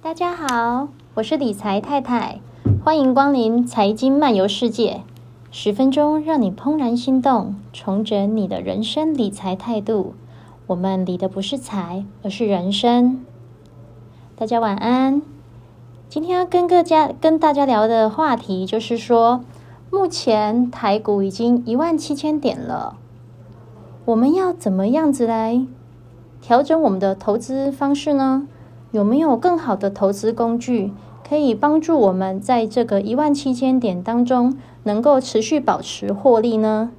大家好，我是理財太太，歡迎光臨財經漫遊世界。十分鐘讓你怦然心動，重整你的人生理財態度。我們理的不是財，而是人生。大家晚安。今天要跟大家跟大家聊的話題，就是說，目前台股已經一萬七千點了，我們要怎麼樣子來調整我們的投資方式呢？有沒有更好的投資工具可以幫助我們在這個一萬七千點當中能夠持續保持獲利呢？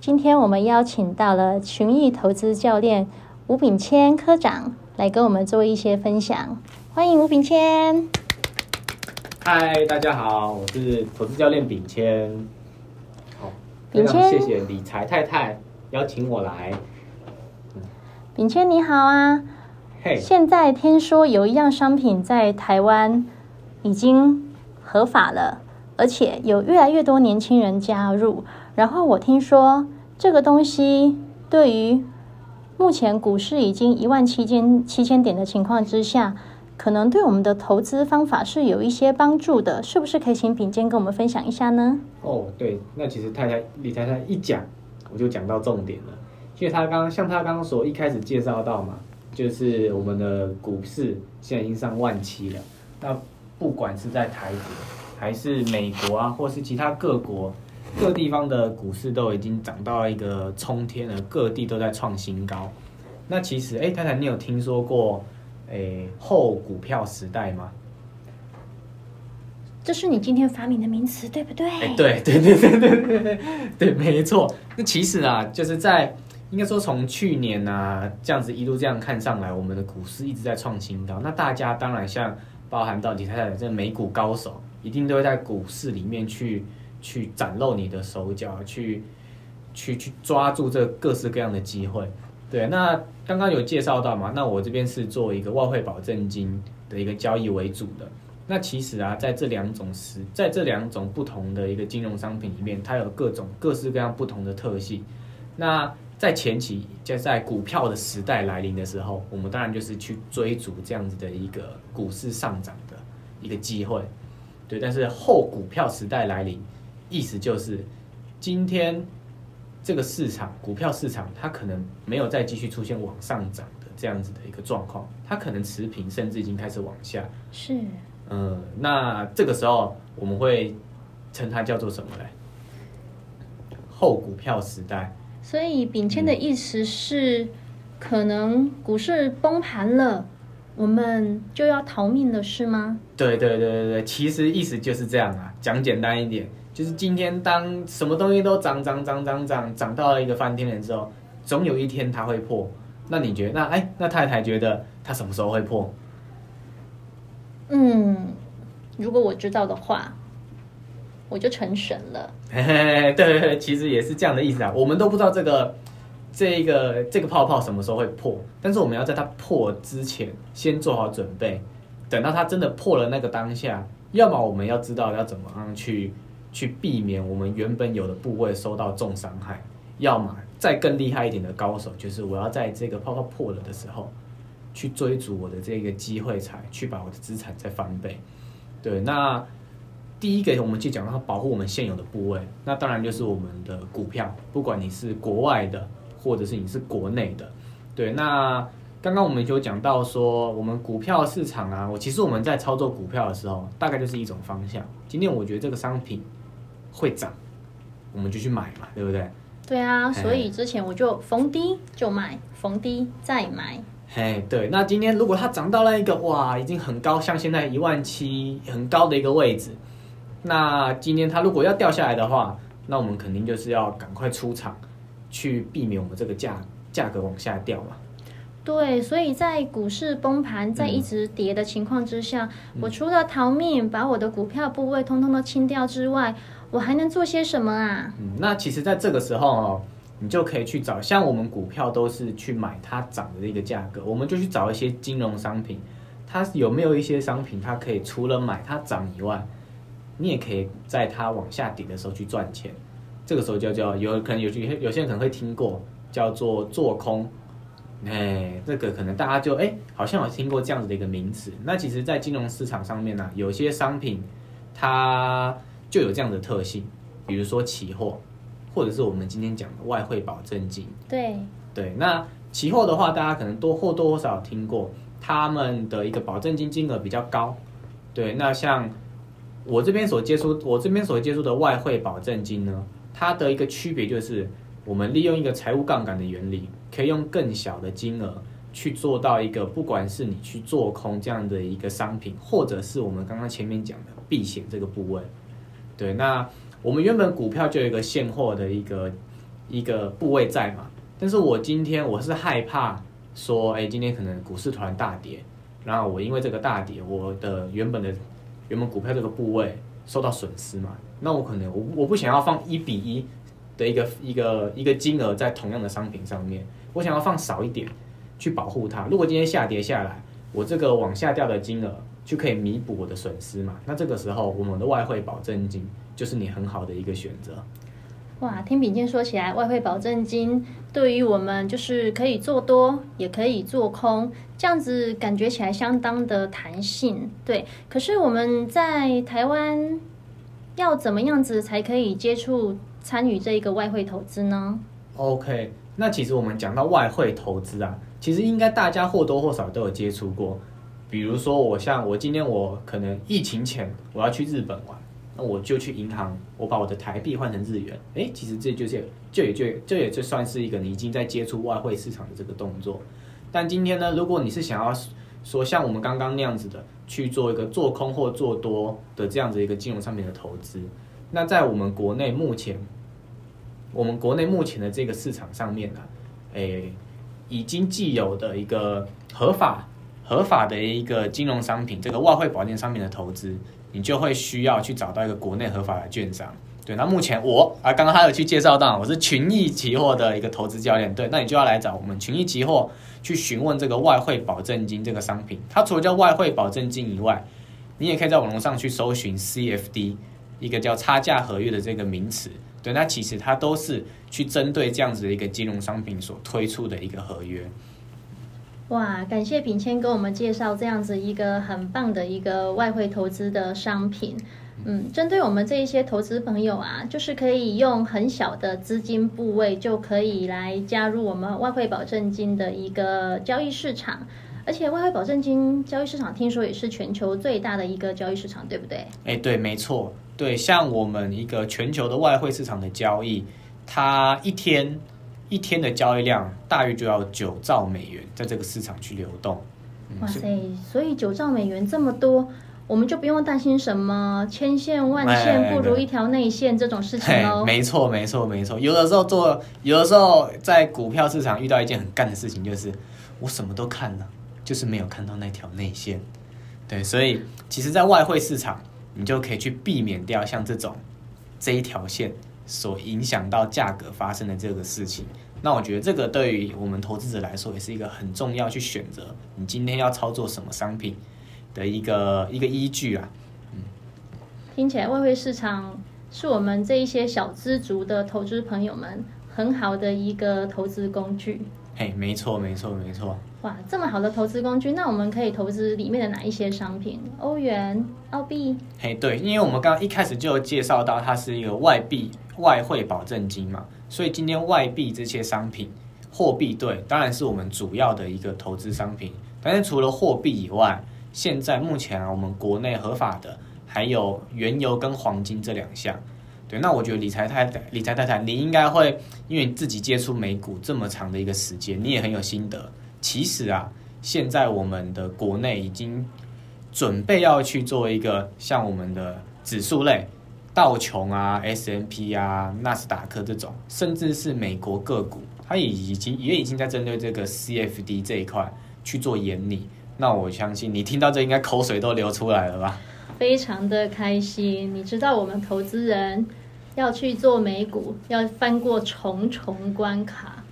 今天我們邀請到了群益投資教練吳炳謙科長來跟我們做一些分享。歡迎吳炳謙。嗨，大家好，我是投資教練炳謙。哦、好，炳謙，謝謝理財太太邀請我來。嗯、炳謙，你好啊。Hey, 現在聽說有一樣商品在台灣已經合法了，而且有越來越多年輕人加入。然後我聽說這個東西對於目前股市已經一萬七千七千點的情況之下，可能對我們的投資方法是有一些幫助的，是不是？可以請品堅跟我們分享一下呢？哦，對，那其實太太李太太一講，我就講到重點了，因為他剛像他剛剛所一開始介紹到嘛。就是我們的股市現在已經上萬七了。那不管是在台灣，還是美國啊，或是其他各國各地方的股市都已經漲到一個衝天了，各地都在創新高。那其實，哎，太太，你有聽說過，哎，後股票時代嗎？這是你今天發明的名詞，對不對？對對對對對對對，沒錯。那其實啊，就是在。應該說，從去年吶、啊，這樣子一路這樣看上來，我們的股市一直在創新高。那大家當然像包含到李太太這美股高手，一定都會在股市裡面去去展露你的手腳，去去去抓住這各式各樣的機會。對，那剛剛有介紹到嘛，那我這邊是做一個外匯保證金的一個交易為主的。那其實啊，在這兩種時，在這兩種不同的一個金融商品裡面，它有各種各式各樣不同的特性。那在前期，就在股票的時代來臨的時候，我們當然就是去追逐這樣子的一個股市上漲的一個機會，對。但是後股票時代來臨，意思就是今天這個市場股票市場它可能沒有再繼續出現往上漲的這樣子的一個狀況，它可能持平，甚至已經開始往下。是。嗯，那這個時候我們會稱它叫做什麼呢？後股票時代。所以秉謙的意思是、嗯，可能股市崩盤了，我們就要逃命了是嗎？對對對對對，其實意思就是這樣啊。講簡單一點，就是今天當什麼東西都漲漲漲漲漲漲到了一個翻天的時候，總有一天它會破。那你覺得，那哎，那太太覺得它什麼時候會破？嗯，如果我知道的話我就成神了，嘿嘿嘿。對，其實也是這樣的意思啊。我們都不知道這個、這個、這個泡泡什麼時候會破，但是我們要在它破之前先做好準備。等到它真的破了那個當下，要麼我們要知道要怎麼樣去去避免我們原本有的部位受到重傷害，要麼再更厲害一點的高手，就是我要在這個泡泡破了的時候去追逐我的這個機會才去把我的資產再翻倍。對，那。第一個，我們就講到它保護我們現有的部位，那當然就是我們的股票，不管你是國外的，或者是你是國內的，對。那剛剛我們就講到說，我們股票市場啊，我其實我們在操作股票的時候，大概就是一種方向。今天我覺得這個商品會漲，我們就去買嘛，對不對？對啊，所以之前我就逢低就買，逢低再買。嘿，對。那今天如果它漲到了一個哇，已經很高，像現在一萬七，很高的一個位置。那今天它如果要掉下來的話，那我們肯定就是要趕快出場，去避免我們這個價價格往下掉嘛。對，所以在股市崩盤、在一直跌的情況之下，嗯，我除了逃命，把我的股票部位通通都清掉之外，我還能做些什麼啊？嗯，那其實，在這個時候哦，你就可以去找，像我們股票都是去買它漲的一個價格，我們就去找一些金融商品，它有沒有一些商品，它可以除了買它漲以外。你也可以在它往下跌的時候去賺錢，這個時候就叫叫有可能有些有些人可能會聽過叫做做空，哎、欸，這個可能大家就哎、欸、好像有聽過這樣子的一個名詞。那其實，在金融市場上面呢、啊，有些商品它就有這樣的特性，比如說期貨，或者是我們今天講的外匯保證金。對對，那期貨的話，大家可能多或多或少聽過，他們的一個保證金金額比較高。對，那像。我這邊所接觸，我這邊所接觸的外匯保證金呢，它的一個區別就是，我們利用一個財務槓桿的原理，可以用更小的金額去做到一個，不管是你去做空這樣的一個商品，或者是我們剛剛前面講的避險這個部位。對，那我們原本股票就有一個現貨的一個一個部位在嘛，但是我今天我是害怕說，哎，今天可能股市突然大跌，然後我因為這個大跌，我的原本的。原本股票這個部位受到損失嘛，那我可能我我不想要放一比一的一個一個一個金額在同樣的商品上面，我想要放少一點去保護它。如果今天下跌下來，我這個往下掉的金額就可以彌補我的損失嘛。那這個時候我們的外匯保證金就是你很好的一個選擇。哇，聽炳謙說起來，外匯保證金對於我們就是可以做多，也可以做空，這樣子感覺起來相當的彈性。對，可是我們在台灣要怎麼樣子才可以接觸參與這一個外匯投資呢？OK，那其實我們講到外匯投資啊，其實應該大家或多或少都有接觸過。比如說我像我今天我可能疫情前我要去日本玩。那我就去銀行，我把我的台幣換成日元。誒，其實這就是，這也就這也就算是一個你已經在接觸外匯市場的這個動作。但今天呢，如果你是想要說，說像我們剛剛那樣子的去做一個做空或做多的這樣子一個金融商品的投資，那在我們國內目前，我們國內目前的這個市場上面呢，啊，誒，已經既有的一個合法合法的一個金融商品，這個外匯保證金商品的投資。你就會需要去找到一個國內合法的券商，對。那目前我啊，剛剛還有去介紹到，我是群益期貨的一個投資教練，對。那你就要來找我們群益期貨去詢問這個外匯保證金這個商品，它除了叫外匯保證金以外，你也可以在網絡上去搜尋 CFD，一個叫差價合約的這個名詞，對。那其實它都是去針對這樣子的一個金融商品所推出的一個合約。哇，感謝秉謙給我們介紹這樣子一個很棒的一個外匯投資的商品。嗯，針對我們這一些投資朋友啊，就是可以用很小的資金部位就可以來加入我們外匯保證金的一個交易市場，而且外匯保證金交易市場聽說也是全球最大的一個交易市場，對不對？誒，對，沒錯，對，像我們一個全球的外匯市場的交易，它一天。一天的交易量大約就要九兆美元，在這個市場去流動。嗯。哇塞！所以九兆美元這麼多，我們就不用擔心什麼千線萬線不如一條內線這種事情嘍，哎。沒錯，沒錯，沒錯。有的時候做，有的時候在股票市場遇到一件很幹的事情，就是我什麼都看了，啊，就是沒有看到那條內線。對，所以其實，在外匯市場，你就可以去避免掉像這種這一條線所影響到價格發生的這個事情，那我覺得這個對於我們投資者來說，也是一個很重要去選擇你今天要操作什麼商品的一個一個依據啊。嗯，聽起來外匯市場是我們這一些小資族的投資朋友們很好的一個投資工具。嘿，沒錯，沒錯，沒錯。哇，這麼好的投資工具，那我們可以投資裡面的哪一些商品？歐元、澳幣？嘿，對，因為我們剛剛一開始就介紹到它是一個外幣。外匯保證金嘛，所以今天外幣這些商品，貨幣對當然是我們主要的一個投資商品。但是除了貨幣以外，現在目前啊，我們國內合法的還有原油跟黃金這兩項。對，那我覺得理財太太、理財太太，你應該會因為自己接觸美股這麼長的一個時間，你也很有心得。其實啊，現在我們的國內已經準備要去做一個像我們的指數類，道瓊啊、S&P 啊、納斯達克這種，甚至是美國個股，它已經也已經在針對這個 C F D 這一塊去做研擬。那我相信你聽到這應該口水都流出來了吧？非常的開心。你知道我們投資人要去做美股，要翻過重重關卡，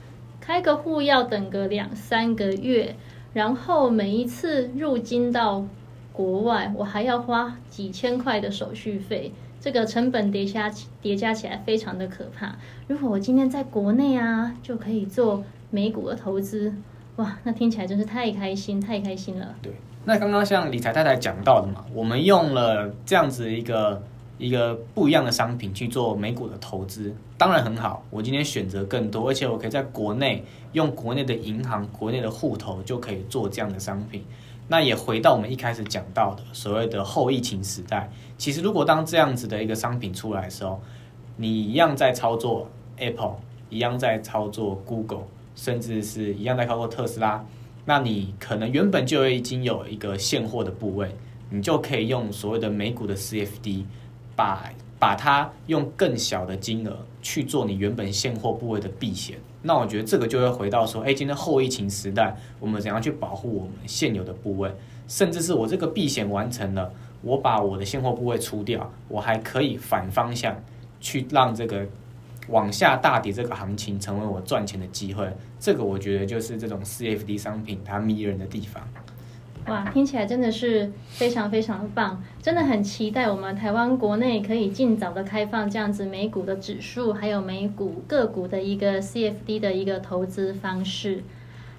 開個戶要等個兩三個月，然後每一次入金到國外我還要花幾千塊的手續費，這個成本疊加疊加起來非常的可怕。如果我今天在國內啊，就可以做美股的投資，哇，那聽起來真是太開心，太開心了。對，那剛剛像理財太太講到的嘛，我們用了這樣子一個一個不一樣的商品去做美股的投資，當然很好。我今天選擇更多，而且我可以在國內用國內的銀行、國內的戶頭就可以做這樣的商品。那也回到我們一開始講到的所謂的後疫情時代，其實如果當這樣子的一個商品出來的時候，你一樣在操作 Apple，一樣在操作 Google，甚至是一樣在操作特斯拉，那你可能原本就已經有一個現貨的部位，你就可以用所謂的美股的 CFD，把把它用更小的金額去做你原本現貨部位的避險。那我覺得這個就會回到說，哎，今天後疫情時代，我們怎樣去保護我們現有的部位？甚至是我這個避險完成了，我把我的現貨部位出掉，我還可以反方向去讓這個往下大跌這個行情成為我賺錢的機會。這個我覺得就是這種 CFD 商品它迷人的地方。哇，聽起來真的是非常非常棒，真的很期待我們台灣國內可以盡早的開放這樣子美股的指數，還有美股個股的一個 CFD 的一個投資方式。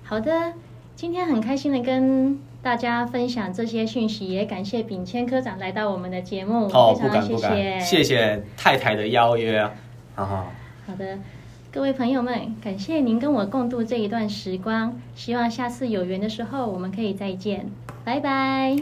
好的，今天很開心的跟大家分享這些訊息，也感謝炳謙科長來到我們的節目，哦、不非常謝謝，謝，謝謝太太的邀約，啊好好，好的。各位朋友們，感謝您跟我共度這一段時光，希望下次有緣的時候我們可以再見，拜拜。